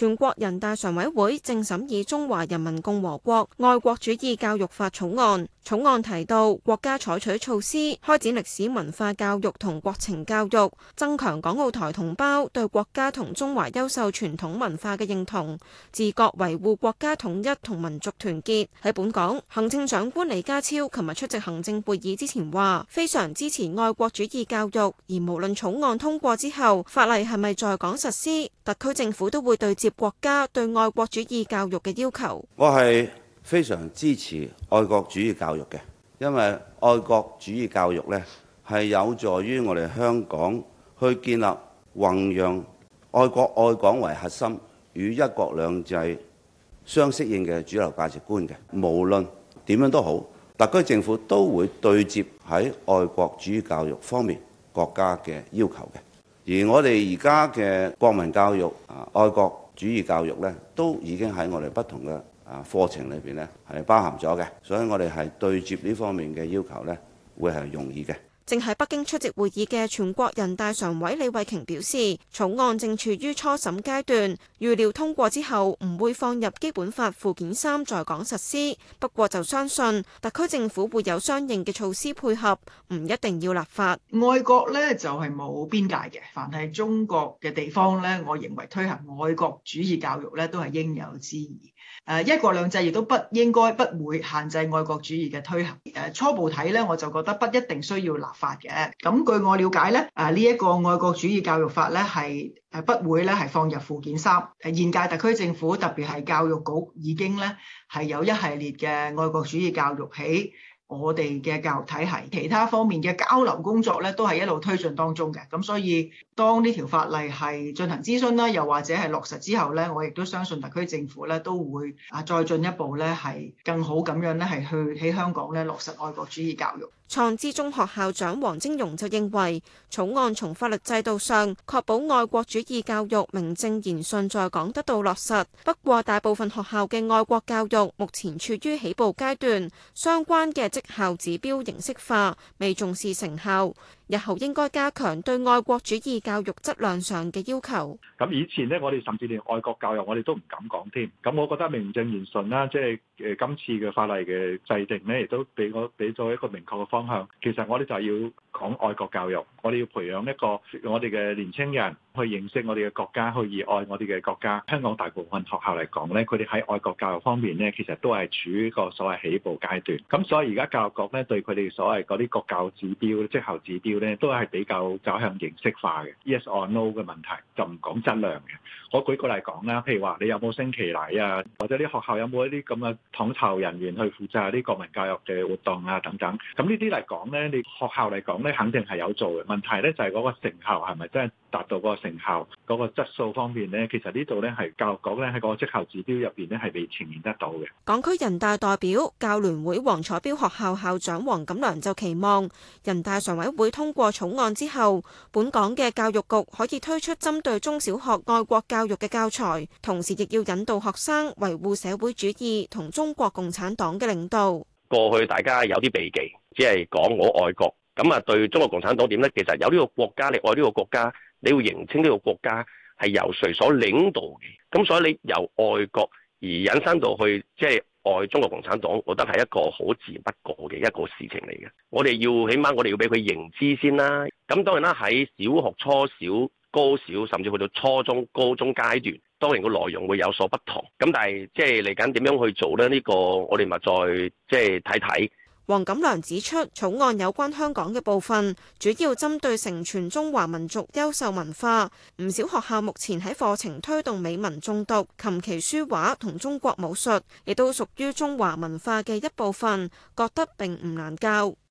全國人大常委會正審議《中華人民共和國愛國主義教育法》草案，草案提到國家採取措施開展歷史文化教育同國情教育，增強港澳台同胞對國家同中華優秀傳統文化嘅認同，自覺維護國家統一同民族團結。喺本港，行政長官李家超琴日出席行政會議之前話，非常支持愛國主義教育，而無論草案通過之後法例係咪在港實施，特區政府都會對接。國家對愛國主義教育嘅要求，我係非常支持愛國主義教育嘅，因為愛國主義教育呢係有助於我哋香港去建立弘揚愛國愛港為核心，與一國兩制相適應嘅主流價值觀嘅。無論點樣都好，特區政府都會對接喺愛國主義教育方面國家嘅要求嘅。而我哋而家嘅國民教育啊，愛國。主義教育呢，都已經喺我哋不同嘅啊課程裏面呢，係包含咗嘅，所以我哋係對接呢方面嘅要求呢，會係容易嘅。正喺北京出席會議嘅全國人大常委李慧瓊表示，草案正處於初審階段，預料通過之後唔會放入基本法附件三在港實施。不過就相信特區政府會有相應嘅措施配合，唔一定要立法。愛國呢就係冇邊界嘅，凡係中國嘅地方呢，我認為推行愛國主義教育呢都係應有之義。誒一國兩制亦都不應該不會限制愛國主義嘅推行。誒初步睇呢，我就覺得不一定需要立法。法嘅，咁據我了解咧，啊呢一個愛國主義教育法咧係誒不會咧係放入附件三，誒。現屆特區政府特別係教育局已經咧係有一系列嘅愛國主義教育起。我哋嘅教育體系，其他方面嘅交流工作咧，都係一路推進當中嘅。咁所以，當呢條法例係進行諮詢啦，又或者係落實之後咧，我亦都相信特區政府咧都會啊再進一步咧係更好咁樣咧係去喺香港咧落實愛國主義教育。創知中學校長黃晶榕就認為，草案從法律制度上確保愛國主義教育名正言順在港得到落實，不過大部分學校嘅愛國教育目前處於起步階段，相關嘅績效指標形式化，未重視成效。日後應該加強對愛國主義教育質量上嘅要求。咁以前呢，我哋甚至連愛國教育我哋都唔敢講添。咁我覺得名正言順啦，即係誒今次嘅法例嘅制定呢，亦都俾我俾咗一個明確嘅方向。其實我哋就係要講愛國教育，我哋要培養一個我哋嘅年青人去認識我哋嘅國家，去熱愛我哋嘅國家。香港大部分學校嚟講呢，佢哋喺愛國教育方面呢，其實都係處於個所謂起步階段。咁所以而家教育局呢，對佢哋所謂嗰啲國教指標、績效指標。都係比較走向形式化嘅，yes or no 嘅問題，就唔講質量嘅。我舉個例講啦，譬如話你有冇升旗禮啊，或者啲學校有冇一啲咁嘅統籌人員去負責啲國民教育嘅活動啊等等。咁呢啲嚟講呢，你學校嚟講呢，肯定係有做嘅。問題呢，就係嗰個成效係咪真係？達到嗰個成效、嗰個質素方面咧，其實呢度咧，係教育局咧，喺嗰個績效指標入邊咧，係未呈現得到嘅。港區人大代表、教聯會黃楚標學校校長黃錦良就期望人大常委會通過草案之後，本港嘅教育局可以推出針對中小學愛國教育嘅教材，同時亦要引導學生維護社會主義同中國共產黨嘅領導。過去大家有啲避忌，只係講我愛國，咁啊對中國共產黨點咧？其實有呢個國家你愛呢個國家。你要認清呢個國家係由誰所領導嘅，咁所以你由愛國而引申到去即係愛中國共產黨，我覺得係一個好自然不過嘅一個事情嚟嘅。我哋要起碼我哋要俾佢認知先啦。咁當然啦，喺小學、初小、高小，甚至去到初中、高中階段，當然個內容會有所不同。咁但係即係嚟緊點樣去做咧？呢個我哋咪再即係睇睇。黃錦良指出，草案有關香港嘅部分，主要針對承傳中華民族優秀文化。唔少學校目前喺課程推動美文誦讀、琴棋書畫同中國武術，亦都屬於中華文化嘅一部分，覺得並唔難教。